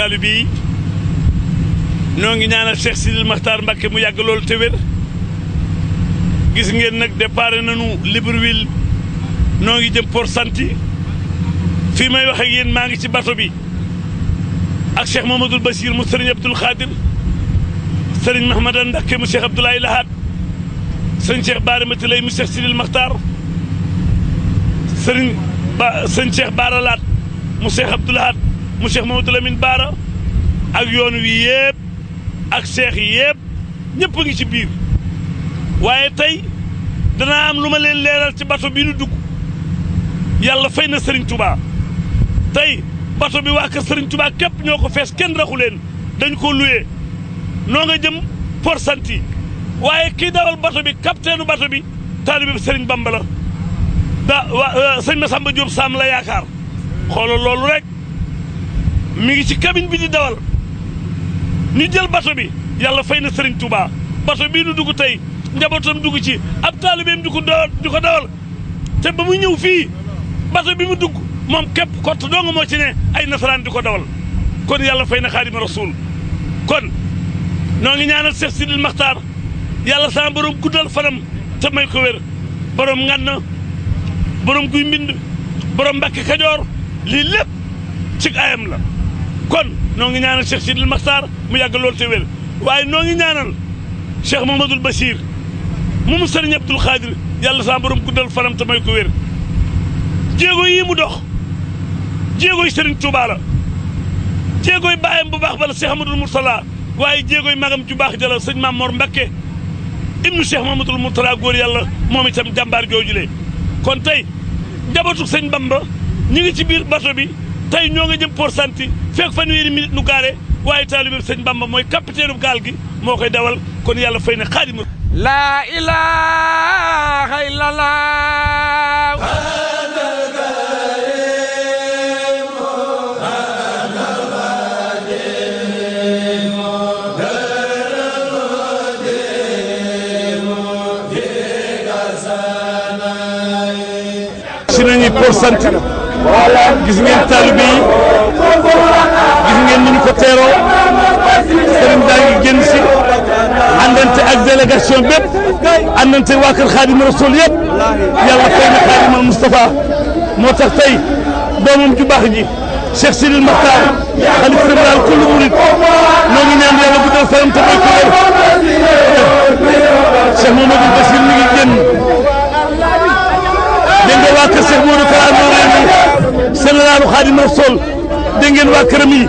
taalibe yi noo ngi ñaanal Cheikh Sidil Makhtar Mbacké mu yàgg loolu te wér gis ngeen nag départ nañu Libreville noo ngi jëm Port Santi fii may wax ak yéen maa ngi ci bato bi ak Cheikh Mamadou Bachir mu Serigne Abdoul Khadir Serigne Mahmadan Mbacké mu Cheikh Abdoulaye Lahad sëñ Cheikh Baara lay mu Cheikh Sidil Makhtar Serigne ba sëñ Cheikh Baara mu Cheikh Abdoul mu Cheikh Mamadou Lamine Baara ak yoon wi yëpp ak seex yi yëpp ñëpp a ngi ci biir waaye tey dana am lu ma leen leeral ci bato bi nu dugg yàlla fay na Serigne tubaa tey bato bi waa kër Serigne Touba képp ñoo ko fees kenn raxu leen dañ ko luye noo nga jëm Port Santi waaye kii dawal bato bi capitaine bato bi taalibe Serigne Bamba la da wa euh, sëñ Massamba Diop Sam la yaakaar xoolal loolu rek mi ngi ci cabine bi di dawal ñu jël bato bi yàlla fay na Serigne Touba bato bii nu dugg tey njabootam dugg ci ab taalibeem di ko dawal di ko dawal te ba mu ñëw fii bato bi mu dugg moom képp kott dong moo ci ne ay nasaraan di ko dawal kon yàlla fay na Xaadimu Rasuul kon noo ngi ñaanal Cheikh Sidil Maxtaar yàlla sama borom guddal fanam te may ko wér borom nganna borom guy mbind borom Mbàkke Kajoor lii lépp ci ayam la كون نوغي نانال شيخ سيد المختار مو ياغ لول تي ويل واي نوغي نانال شيخ محمد البشير مو سيرن عبد القادر يالا سام بروم كودال فرام تا ماي كو وير جيغو يي مو دوخ جيغو سيرن توبا لا جيغو بايم بو باخ بالا شيخ محمد المرسلا واي جيغو ماغام تو باخ جالا سيرن مامور مباكي ابن شيخ محمد المرتلا غور يالا مومي تام جامبار جوجلي كون تاي جابوتو سيرن بامبا نيغي سي بير باتو بي tey ñoo nga jëm Port Gentil fa fanweeri minute nu gaare waaye taalibeem sëñ Bamba mooy bu gaal gi moo koy dawal kon yàlla fay na xaadima laa ilaaha illallah Port Gentil gis ngeen taalibe yi gis ngeen ni ñu ko teeroo sëriñ daa ngi génn si àndante ak délégation bépp àndante waa kër Xaadimu Rasuul yëpp yàlla fay na Xaadimal Moustapha moo tax tey doomam ju baax ji Cheikh Sidil Maxtaar xalif général kullu murid noo ngi ñaan yàlla guddal fanam te may ko wér Cheikh Mamadou Bassir mi ngi génn dégg nga waa kër Cheikh Modou Kara généralu Xaadimu Rasuul dégg ngeen waa këram yi.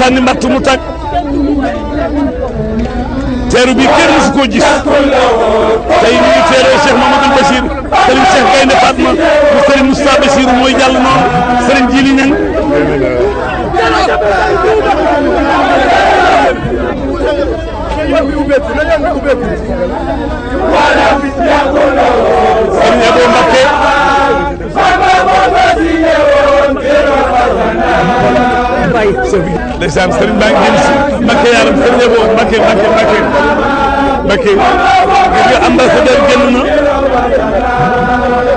sànni matt mu tag teeru bi kenn musu koo gis tey ñu ngi teeroo Cheikh Mamadou Bachir Serigne Cheikh Gaynde Fatma mu Serigne Moustapha Bachir mooy jàll noonu Serigne Djili Niang ndeysaan sëriñ baa ngi jëm si Mbakke yaaram sëriñ Abo Mbakke Mbakke Mbakke Mbakke gis nga ambassadeur génn na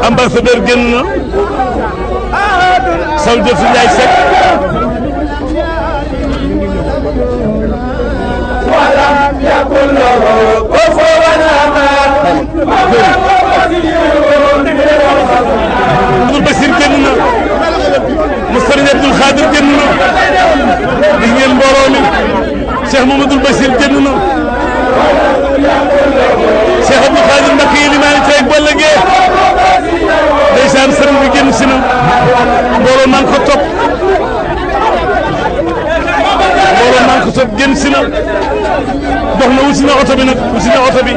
ambassadeur génn na sol jëfu Njaay Sekk Abdoul Basir génn na Moussa Khadir génn gis ngeen mbooloo mi Cheikh Mamadou Bassir génn na Cheikh Abdou Khadir Mbacké yi li maa ngi feeg boole gee ndeysaan sëriñ bi génn si na mbooloo maa ngi ko topp mbooloo maa ngi ko topp génn si na dox na wut si na oto bi nag wut si na oto bi.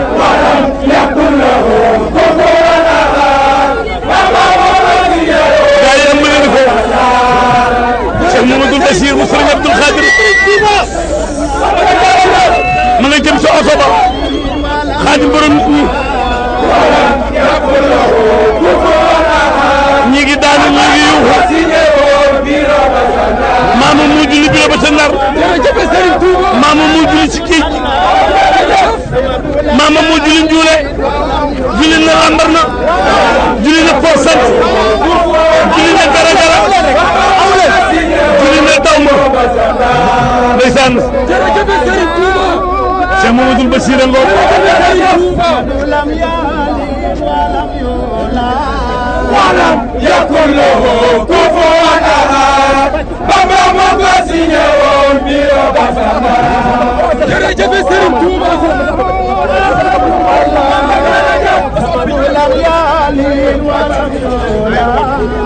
ma nga jëm sa oto ba xaadim nit ñi daanu ñi ngi yuuxu mu julli bi la ba sa ndar maama mu julli si géej maama mu julli njuule julli na lambar na julli na foof sant julli na gara gara Bamba ndeysaan jërëjëf Serigne Touba a walam yakun lahu kufuwan Bamba moo ko signé woon biro Basamba jërëjëf Serigne Touba walam yakun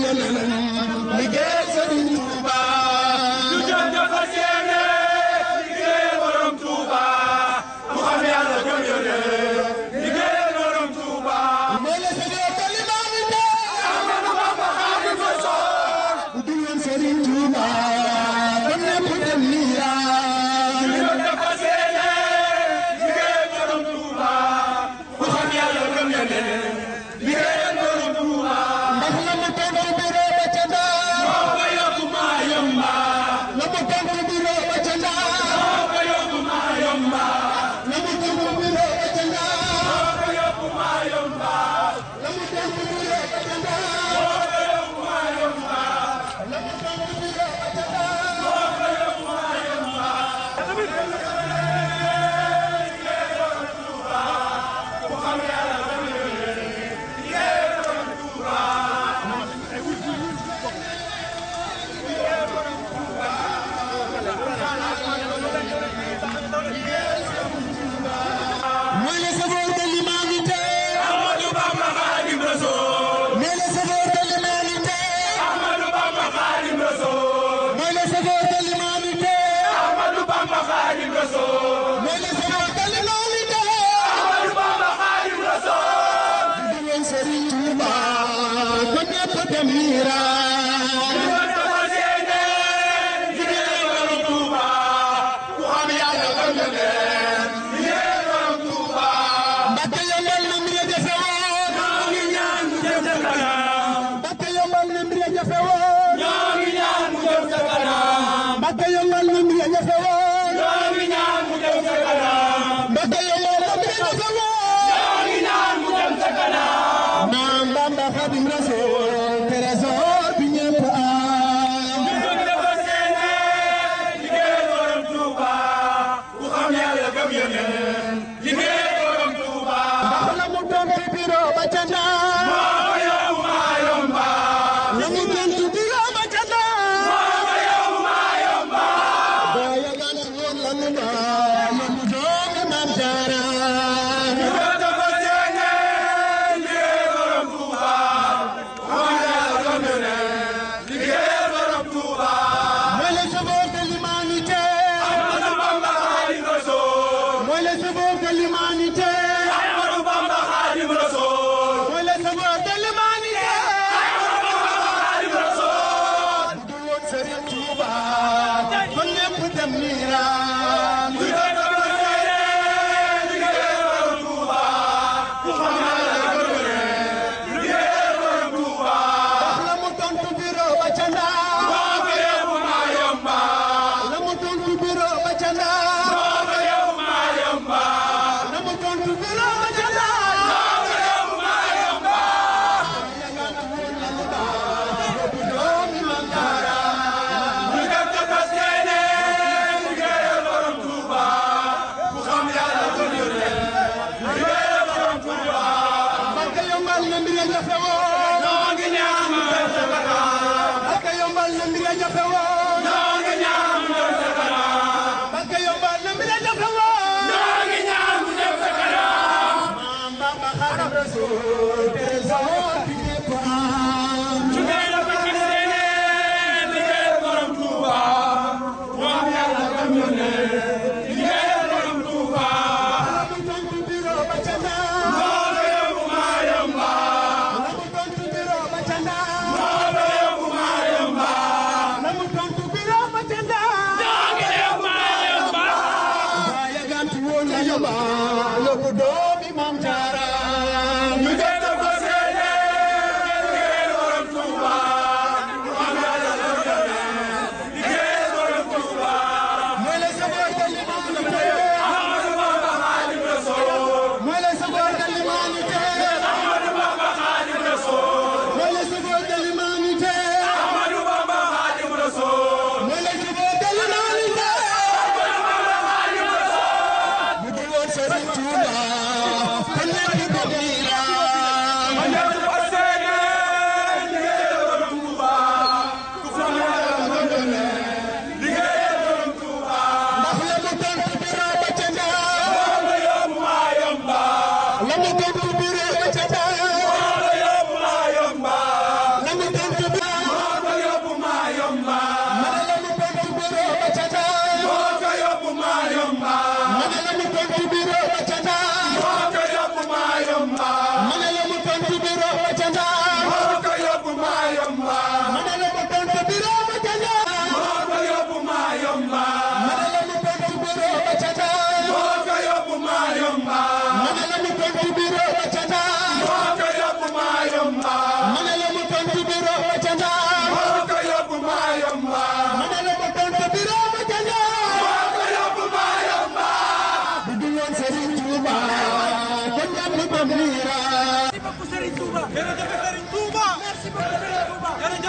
من العلم لجاسد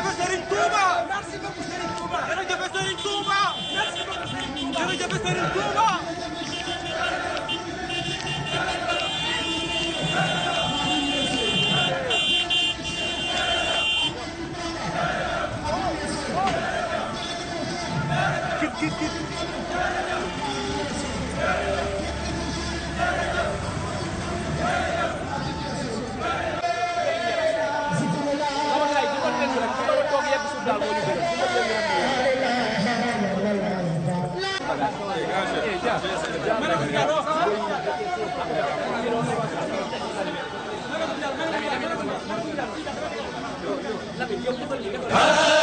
بسرين توبة مرسي بسرين توبة درجة بسرين توبة مرسي بسرين توبة درجة بسرين توبة كيف كيف كيف a a l a.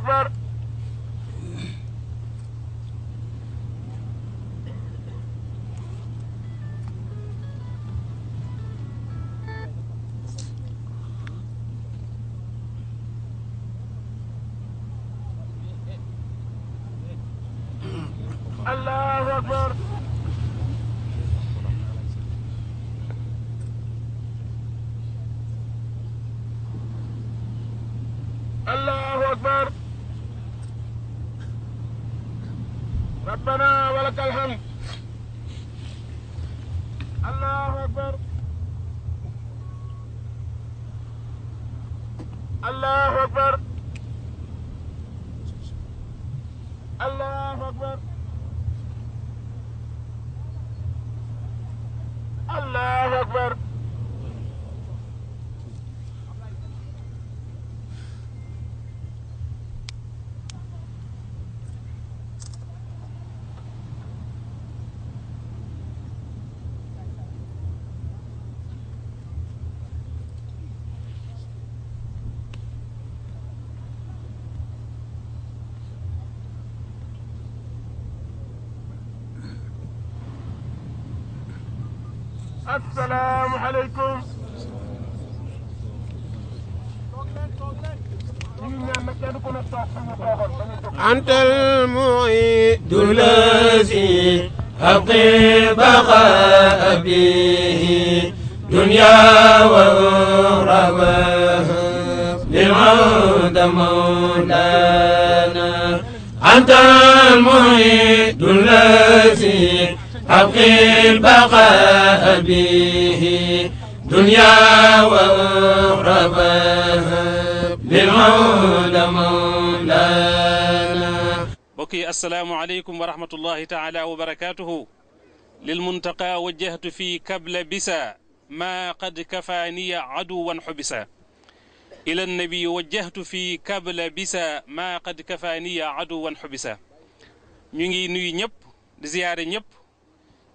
bad. السلام عليكم أنت المعيد الذي أطيب به دنيا وأخرى لعود مولانا أنت المعيد الذي حق البقاء به دنيا وأخرى للعلى مولانا بكي السلام عليكم ورحمة الله تعالى وبركاته للمنتقى وجهت في كبل بسا ما قد كفاني عدوا حبسا إلى النبي وجهت في كبل بسا ما قد كفاني عدوا حبسا نيجي نيجي nuyu ñëpp di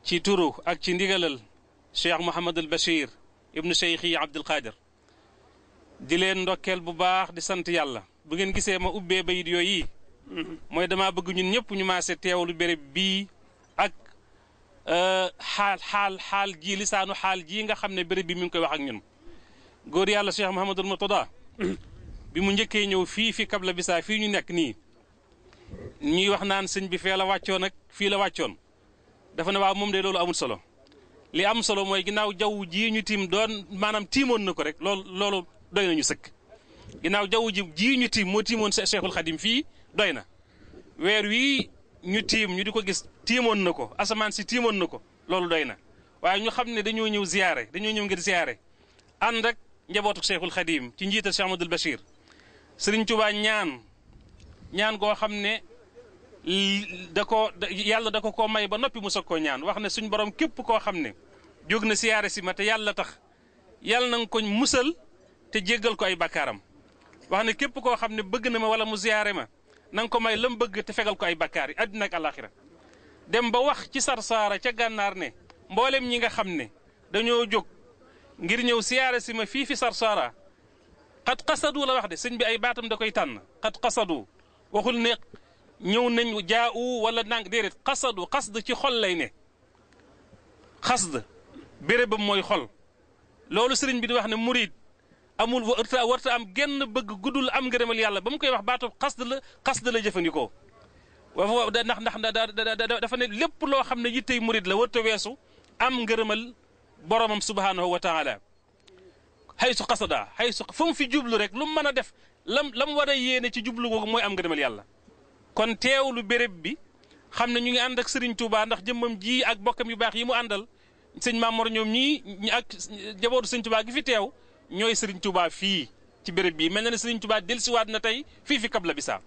ci turu ak ci ndigalal cheikh Mouhamadul Bachir ibnu cheikhi Abdul Qadir di leen ndokkeel bu baax di sant yàlla bu ngeen gisee ma ubbee bayit yooyu mooy damaa bëgg ñun ñëpp ñu maase teewlu béréb bii ak euh, xaal xaal xaal ji lisaanu xaal jii nga xam ne béréb bi mi ngi koy wax ak ñun góor yàlla cheikh Mouhamadul Murtada bi mu njëkkee ñëw fii fi Kabla Bisa fii ñu nekk nii ñuy wax naan sëñ bi fee la wàccoon ak fii la wàccoon dafa ne waaw moom de loolu amul solo li am solo mooy ginnaaw jaww ji ñu tiim doon maanaam tiimoon na ko rek loolu loolu doy nañu sëkk ginnaaw jaww ji ji ñu tiim moo tiimoon Cheikhul Khadim fii doy na weer wii ñu tiim ñu di ko gis tiimoon na ko asamaan si tiimoon na ko loolu doy na waaye ñu xam ne dañoo ñëw ziare dañoo ñëw ngir ziare ànd ak njabootu Cheikhul Khadim ci njiital Cheikh Amadou Bachir Serigne Touba ñaan ñaan goo xam ne da ko yàlla da ko koo may ba noppi mu soog koo ñaan wax ne suñ borom képp koo xam ne jóg na siyaare si ma te yàlla tax yàlla na nga ko musal te jéggal ko ay bakkaaram wax ne képp koo xam ne bëgg na ma wala mu siyaare ma na nga ko may lam bëgg te fegal ko ay bakkaar yi àdduna ak alaxira dem ba wax ci sarsaara ca gànnaar ne mboolem ñi nga xam ne dañoo jóg ngir ñëw siyaare si ma fii fi sarsaara xat xasadu la wax de sëñ bi ay baatam da koy tànn xat xasadu waxul ne ñëw nañu jaawu wala ndànk déedéet xasadu xasd ci xol lay ne xasd bérébam mooy xol loolu sëriñ bi di wax ne murid amul warta warta am genn bëgg guddul am ngërëmal yàlla ba mu koy wax baatu xasd la xasd la jëfandikoo waaw ndax ndax dafa ne lépp loo xam ne yittey murid la warta weesu am ngërëmal boromam subhanahu wa taala xaysu xasada xaysu fu mu fi jublu rek lu mën a def lam lam war a yéene ci jublu googu mooy am ngërëmal yàlla kon teewlu béréb bi xam ne ñu ngi ànd ak Serigne Touba ndax jëmmam ji ak bokkam yu baax yi mu àndal sëñ Mamor ñoom ñii ak jabootu Serigne Touba gi fi teew ñooy sëriñ Touba fii ci béréb bii mel na ne Serigne Touba dellusiwaat na tey fii fi Kabla Bisa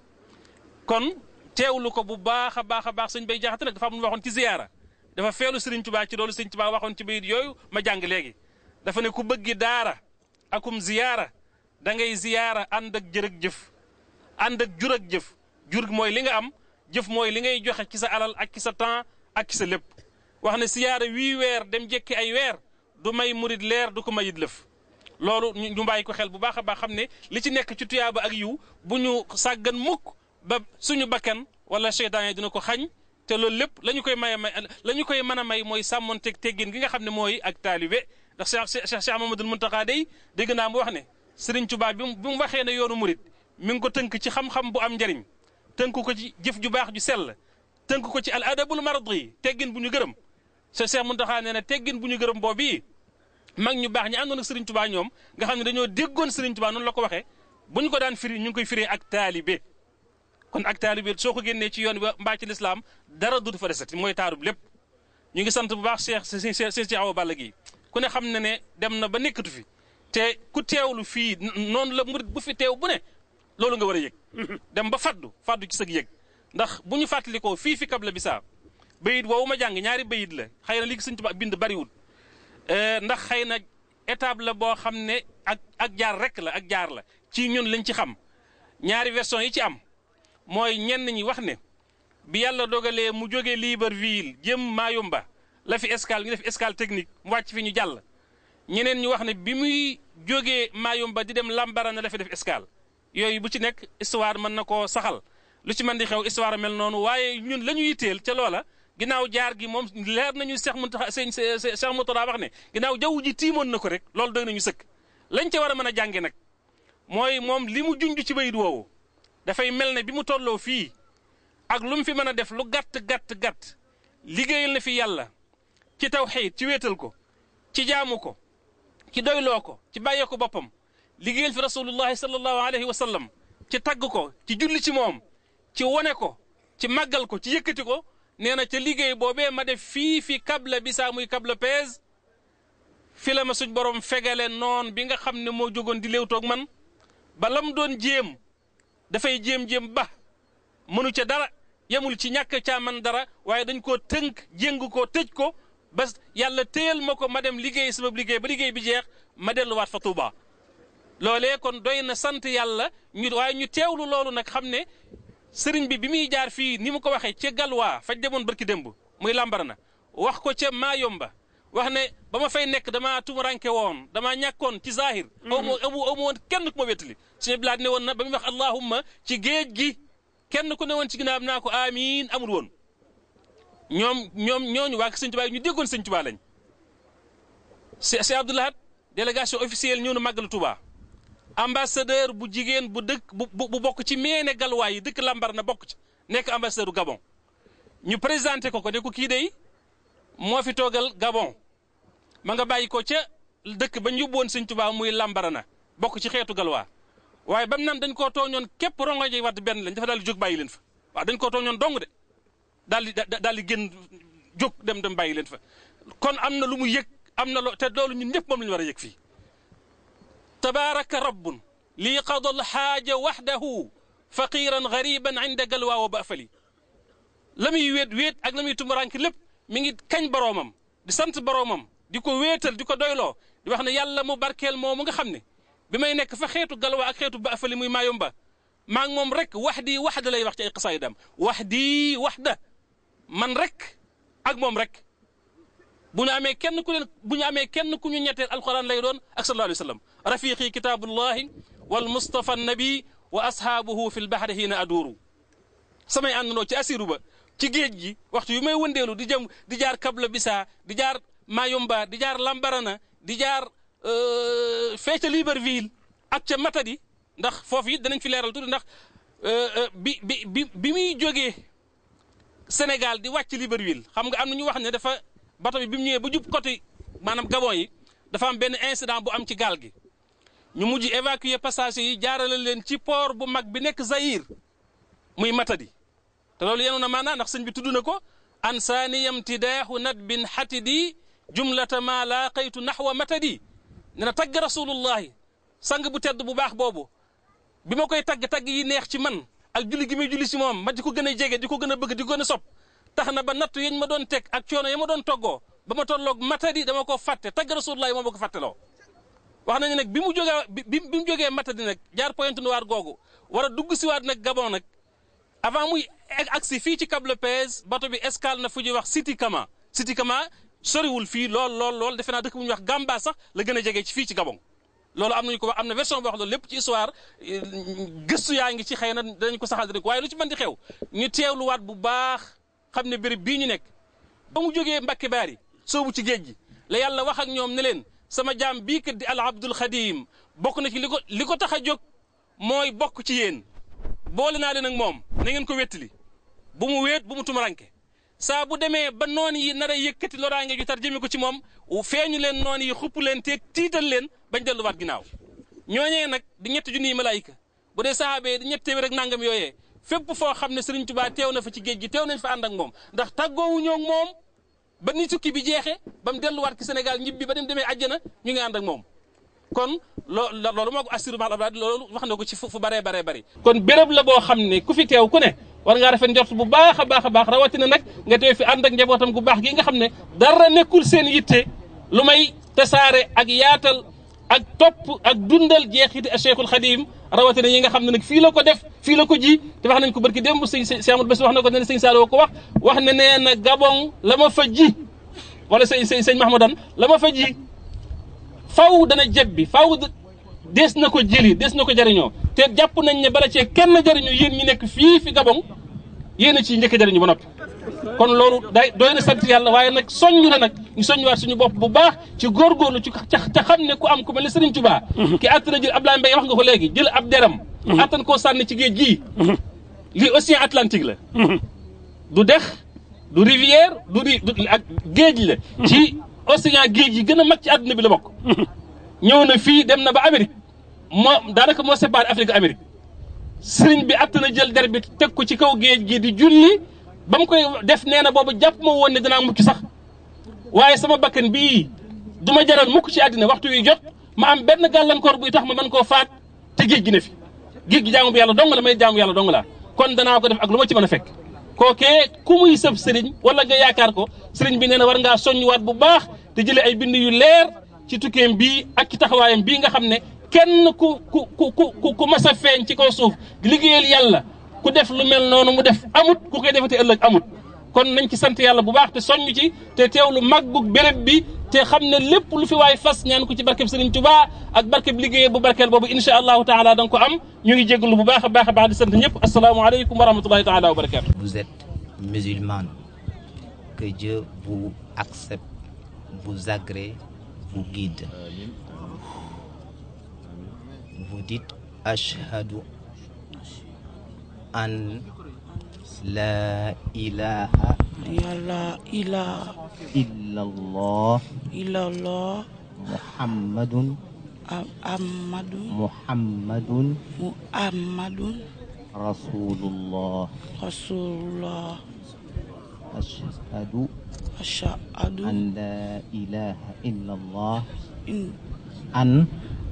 kon teewlu ko bu baax a baax a baax sëñ Bay Jaxate nag dafa am lu waxoon ci ziyaara dafa feelu Serigne Touba ci loolu Serigne Touba waxoon ci bayit yooyu ma jàng léegi dafa ne ku bëgg daara akum ziyaara da ngay ziyaara jëf ànd jur ak jëf jur gi mooy li nga am jëf mooy li ngay joxe ci sa alal ak ci sa temps ak ci sa lépp wax ne siyaare wii weer dem jekki ay weer du may murit leer du ko mayit lëf loolu ñu bàyyi ko xel bu baax a baax xam ne li ci nekk ci tuyaaba ak yiw bu ñu sàggan mukk ba suñu bakkan wala seytaan dina ko xañ te loolu lépp la ñu koy may may la ñu koy mën a may mooy sàmmonteeg teggin gi nga xam ne mooy ak taalibe ndax Cheikh Cheikh Mamadou Mountakha day dégg naa mu wax ne Serigne Touba bi mu waxee ne yoonu murit mi ngi ko tënk ci xam-xam bu am njariñ tënk ko ci jëf ju baax ju sell tënk ko ci al adabul mardi teggin bu ñu gërëm sa Cheikh Mountakha nee na teggin bu ñu gërëm boobu yi mag ñu baax ñu ñi na ak Serigne Touba ñoom nga xam ne dañoo déggoon Serigne Touba noonu la ko waxee bu ñu ko daan firi ñu ngi koy firi ak taalibe kon ak taalibe soo ko génnee ci yoon ba mbaa ci lislaam dara dutu fa desati mooy taarub lépp ñu ngi sant bu baax Cheikh si si si Awa Balla gi ku ne xam na ne dem na ba nekkatu fi te ku teewlu fii noonu la murit bu fi teew bu loolu nga war a yëg dem ba faddu faddu ci sag yéeg ndax bu ñu fàttalikoo fii fi kab la bi saa bayit woowu ma jàng ñaari bayit la xëy na li Sëñ Tuubaa bind bariwul eh, ndax xëy na étape la boo xam ne ak ak jaar rek la ak jaar la ci ñun lañ ci xam ñaari version yi ci am mooy ñenn ñi wax ne bi yàlla dogalee mu jógee Libreville jëm Mayumba la fi escale ñu def escale technique mu wàcc fi ñu jàll ñeneen ñu wax ne bi muy jógee Mayumba di dem Lambarane la fi def escale yooyu bu ci nekk histoire mën na koo saxal lu ci mën di xew histoire mel noonu waaye ñun la ñu yitteel ca loola ginnaaw jaar gi moom leer nañu Cheikh Mountakha sëñ Cheikh Mountakha wax ne ginnaaw jaww ji tiimoon na ko rek loolu doy nañu sëkk lañ ca war a mën a jànge nag mooy moom li mu junj ci bayit woowu dafay mel ne bi mu tolloo fii ak lu mu fi mën a def lu gàtt gàtt gàtt liggéeyal na fi yàlla ci taw tawxiid ci wéetal ko ci jaamu ko ci doyloo ko ci bàyyee ko boppam liggéeyal fi rasulullahi sallallahu alayhi wa sallam ci tagg ko ci julli ci moom ci wone ko ci màggal ko ci yëkkati ko nee na ca liggéey boobee ma def fii fi kabla bi saa muy kabla pees fi la ma suñ borom fegale noon bi nga xam ne moo jógoon di léewtoog man ba lam doon jéem dafay jéem-jéem ba mënu ca dara yemul ci ñàkk caa man dara waaye dañ koo tënk jéng koo tëj ko ba yàlla téyal ma ko ma dem liggéey sabab liggéey ba liggéey bi jeex ma delluwaat fa Tuuba loolee kon doy na sant yàlla ñu waaye ñu teewlu loolu nag xam ne sëriñ bi bi muy jaar fii ni mu ko waxee ca Galwaa faj demoon ki démb muy na wax ko maa yomba wax ne ba ma fay nekk damaa tumuranke woon damaa ñàkkoon ci zahir mm-hmm. aw ma aw ma woon kenn ku ma wettali suñu bilaat ne woon na ba muy wax allahumma ci géej gi kenn ku ne woon ci ginnaaw naa ko amiin amul woon ñoom ñoom ñooñu waa Sëñ ñu déggoon Sëñ Tuubaa lañ si si Abdoulahat délégation officielle ñëw ambassadeur bu jigéen bu dëkk bu bokk ci meene galwaay yi dëkk lambar na bokk ci nekk ambassadeur Gabon ñu présenté ko ko ne ko kii dey moo fi toogal Gabon ma nga bàyyi ko ca dëkk ba boon Sëñ Tuubaa muy Lambarana bokk ci xeetu galwaa waaye bam naan dañ koo tooñoon képp rongoñ yi wat benn lañ dafa daal di jóg bàyyi leen fa waaw dañ ko tooñoon dong de daal di daal di génn jóg dem dem bàyyi leen fa kon am na lu mu yëg am na loo te doolu ñun ñëpp moom la ñu war a yëg fii تبارك رب لي قضى الحاجة وحده فقيرا غريبا عند قلوا وبأفلي لم يويد ويت اك لم يتمران كليب من كان برومم دي سنت برومم ديكو ويتل ديكو دويلو دي واخنا يالا مبارك باركيل مو موغا خامني بماي نيك فا خيتو قلوا اك بافلي موي ما يومبا مان موم رك وحدي وحده لا واخ تي قصايدام وحدي وحده من رك اك رك bu ñu amee kenn ku leen bu ñu kenn ku ñu ñetteel alayhi wa rafiqi kitaabullahi wal mustafa nabi wa ashaabuhu fi lbahri hiina aduuru samay àndandoo ci asiru ba ci géej gi waxtu yu may wëndeelu di jëm di jaar kabla bisa di jaar mayomba di jaar lambarana di jaar fee ca Libreville ak ca matadi ndax foofu it danañ fi leeral tuuti ndax bi bi bi muy jógee Sénégal di wàcc Libreville xam nga am ñu wax ne dafa bato bi bimu mu ñëwee ba jub côté maanaam gabon yi dafa am benn incident bu am ci gaal gi ñu mujj évacuer passagers yi jaarale leen ci port bu mag bi nekk Zaïre muy Matadi te loolu yenu na maanaa ndax sëñ bi tudd na ko an saaniyam tidaahu nadbin xatidi jumlata ma laaqaytu naxwa Matadi ne na tagg rasulullahi sang bu tedd bu baax boobu bi ma koy tagg tagg yi neex ci man ak julli gi muy julli si moom ma di ko gën a jege di ko gën a bëgg di ko gën a sopp tax na ba nattu yañ ma doon teg ak coono ya ma doon toggoo ba ma tolloog matadi dama ko fàtte tagg rasulullahi moom ma ko fàtteloo wax nañu nag bi mu jógee bi bi mu jógee matadi nag jaar Pointe Noire googu war a dugg siwaat nag Gabon nag avant muy agsi fii ci Cap Lopez bato bi escale na fu ñuy wax Siti Kama Siti soriwul fii lool lool lool defe naa dëkk bu ñuy wax Gamba sax la gën a jege ci fii ci Gabon loolu am nañu ko wax am na version boo wax loolu lépp ci histoire gëstu yaa ngi ci xëy na danañ ko saxal rek waaye lu ci mën di xew ñu teewluwaat bu baax xam ne béréb bii ñu nekk ba mu jógee Mbàkke Baari soobu ci géej gi la yàlla wax ak ñoom ne leen sama jaam bii kat di al abdul xadim bokk na ci li ko li ko tax a jóg mooy bokk ci yéen boole naa leen ak moom na ngeen ko wettali bu mu wéet bu mu tumuranke saa bu demee ba noon yi nar a yëkkati loraange ju tar jëme ko ci moom feeñu leen noon yi xupp leen te tiital leen bañ delluwaat ginnaaw ñooñee nag di ñetti junniy malaayika bu dee saxaabee di ñetti téeméer ak nangam yooyee fépp fo xamne Serigne Touba teew na fa ci geejgi gi nañ fa ànd ak mom ndax taggo wu ñok mom ba ni tukki bi jexé bam delu wat ci Sénégal ñibbi ba dem démé aljana ñu ngi ànd ak mom kon lolu mako moo ko assurement lolu wax nako ci fu bare bare bare kon bërepp la bo xamne ku fi tew ku ne war nga rafet ndort bu baax a baax rawati na nak nga tew fi ànd ak njabotam gu baax gi nga xamne dara nekul seen yitte lumay tassaré ak yaatal ak top ak dundal jeexiti Cheikhul Khadim rawatina yi nga xam ne nag fii la ko def fii la ko ji te wax nañ ko barki dem sëñ sëñ Amadou Bass wax na ko ne sëñ Saliou ko wax wax na nee na Gabon la ma fa ji wala sëñ sëñ sëñ Mahmoudan la ma fa ji faw dana jeb bi faw des na ko jëli des na ko jariñoo te jàpp nañ ne bala cee kenn jariñu yéen ñi nekk fii fi Gabon yéen a ciy njëkk jariñu ba noppi kon loolu day doy na yàlla waaye nag soññ na nag ñu soññuwaat suñu bopp bu baax ci góor góorgóorlu ci ca xam ne ko am ku mel ne Serigne Touba. Mhm. ki àttan a jël Ablaye Mbaye wax nga ko léegi jël ab deram. àttan mhm. koo sànni ci géej gii. Mhm. lii océan Atlantique la. du dex du rivière du ri ak géej la. ci océan géej gi gën a mag ci àdduna bi la bokk. ñëw na fii dem na ba Amérique moo daanaka moo séparé Afrique Amérique Serigne bi àttan a jël der bi teg ko ci kaw géej gi di julli. ba mu koy def nee na boobu jàpp ma woon ne dinaa mucc sax waaye sama bakkan bii du ma jaral mukk ci àddina waxtu wi jot ma am benn gàllankoor buy tax ma man koo faat te géej gi ne fi géej gi jaamu bi yàlla dong la may jaamu yàlla dong laa kon danaa ko def ak lu ma ci mën a fekk kookee ku muy sëb sëriñ wala nga yaakaar ko sëriñ bi nee na war ngaa soññuwaat bu baax te jëlee ay bind yu leer ci tukkeem bi ak ci taxawaayam bii nga xam ne kenn ku ku ku ku ku mas a feeñ ci kaw suuf liggéeyal yàlla ku def lu mel noonu mu def amut ku koy defati ëllëg amut kon nañ ci sant yàlla bu baax te soññ ci te teewlu màggug béréb bi te xam ne lépp lu fi waay fas ñaan ko ci barkeb Sëriñ Tuubaa ak barkeb liggéey bu barkeel boobu insha allahu taala da ko am ñu ngi jéglu bu baax a baax a baax di sant ñëpp asalaamualeykum wa rahmatullahi taala wa barakatu vous êtes musulman que Dieu vous accepte vous agré vous guide vous dites ashhadu أن لا إله لا إله إلا الله إلا الله محمد محمد محمد محمد رسول الله رسول الله أشهد أشهد أن لا إله إلا الله أن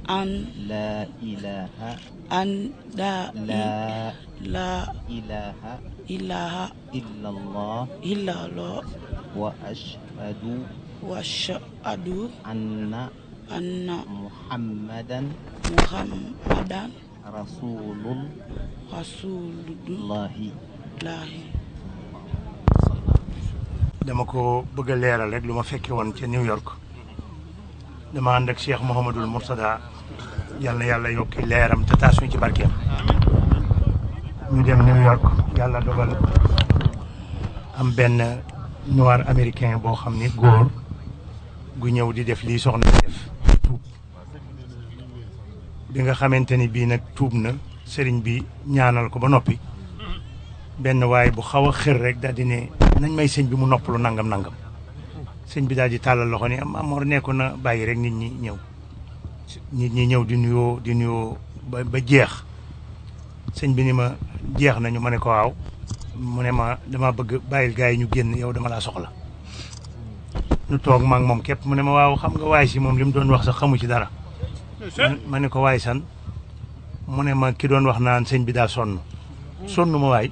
أن لا إله أن لا لا لا إله إله إلا الله إلا الله وأشهد وأشهد أن أن محمدا محمدا رسول رسول الله الله dama ko bëgg a leeral rek lu ma fekke woon ca New York dama ànd ak Cheikh yal yàlla yokki leeram te taas ci barkeem ñu dem New York yàlla dogal am benn noir américain boo xam ni góor gu ñëw di def lii soxna def bi nga xamante ni bii nag tuub na sëriñ bi ñaanal ko ba noppi benn waaye bu xaw a xër rek daal di ne nañ may sëñ bi mu noppalu nangam nangam sëñ bi daal di tàllal loxo ni am amoor nekku na bàyyi rek nit ñi ñëw nit ñi ñëw di nuyoo di nuyoo ba ba jeex sëñ bi ni ma jeex nañu ma ne ko waaw mu ne ma dama bëgg bàyyil gars yi ñu génn yow dama laa soxla nu toog maak moom képp mu ne ma waaw xam nga waay si moom li mu doon wax sa xamu ci dara ma ne ko waay san mu ne ma ki doon wax naan sëñ bi daa sonn sonn ma waay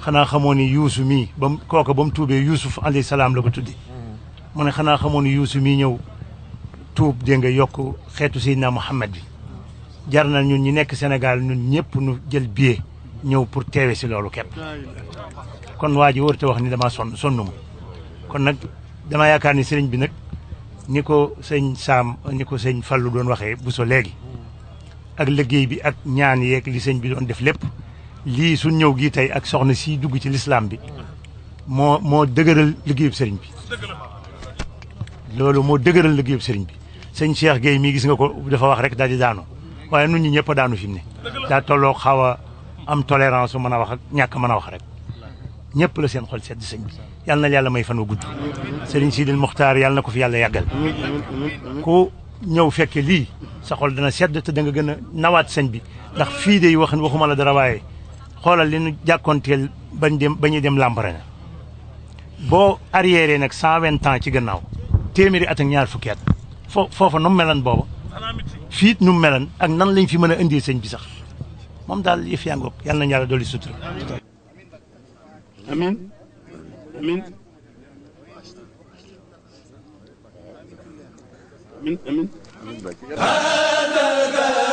xanaa xamoo ni yuusu mii bam mu kooka ba mu tuubee yuusuf alayhi salaam la ko tuddi mm. mu xanaa xamoo yuusu mii ñëw tuub dégg nga yokk xeetu Seydina Muhammad bi jar na ñun ñi nekk Sénégal ñun ñëpp nu jël billet ñëw pour teewe si loolu képp kon waa ji wërte wax ni damaa sonn sonnuma kon nag dama yaakaar ni sëriñ bi nag ni ko sëñ Saam ni ko sëñ Fallu doon waxee bu so léegi ak liggéey bi ak ñaan yeeg li sëñ bi doon def lépp lii su ñëw gii tey ak soxna si dugg ci lislaam bi moo moo dëgëral liggéeyub sëriñ bi loolu moo dëgëral liggéeyub sëriñ bi sëñ Cheikh Gueye mii gis nga ko dafa wax rek daal di waaye nu ñi ñëpp daanu fi mu ne daa tolloo xaw a am tolérance su mën a wax ak ñàkk mën a wax rek ñëpp la seen xol sedd sëñ bi yàlla na yàlla may fan wu gudd sëriñ Sidil Muxtaar yàlla na ko fi yàlla yàggal ku ñëw fekke lii sa xol dana sedd te da nga gën a nawaat sëñ bi ndax fii de wax waxuma la dara waaye xoolal li nu jàkkoonteel bañ dem ba ñuy dem làmbare na boo arrière nag cent vingt ans ci gannaaw téeméeri at ñaar fukki at fo foofa nu melan booba fii nu melan ak nan lañ fi mën a indee sëñ bi sax moom daal yëf yaa ngoog yàlla nañ yàlla dolli sutura amin amin amin amin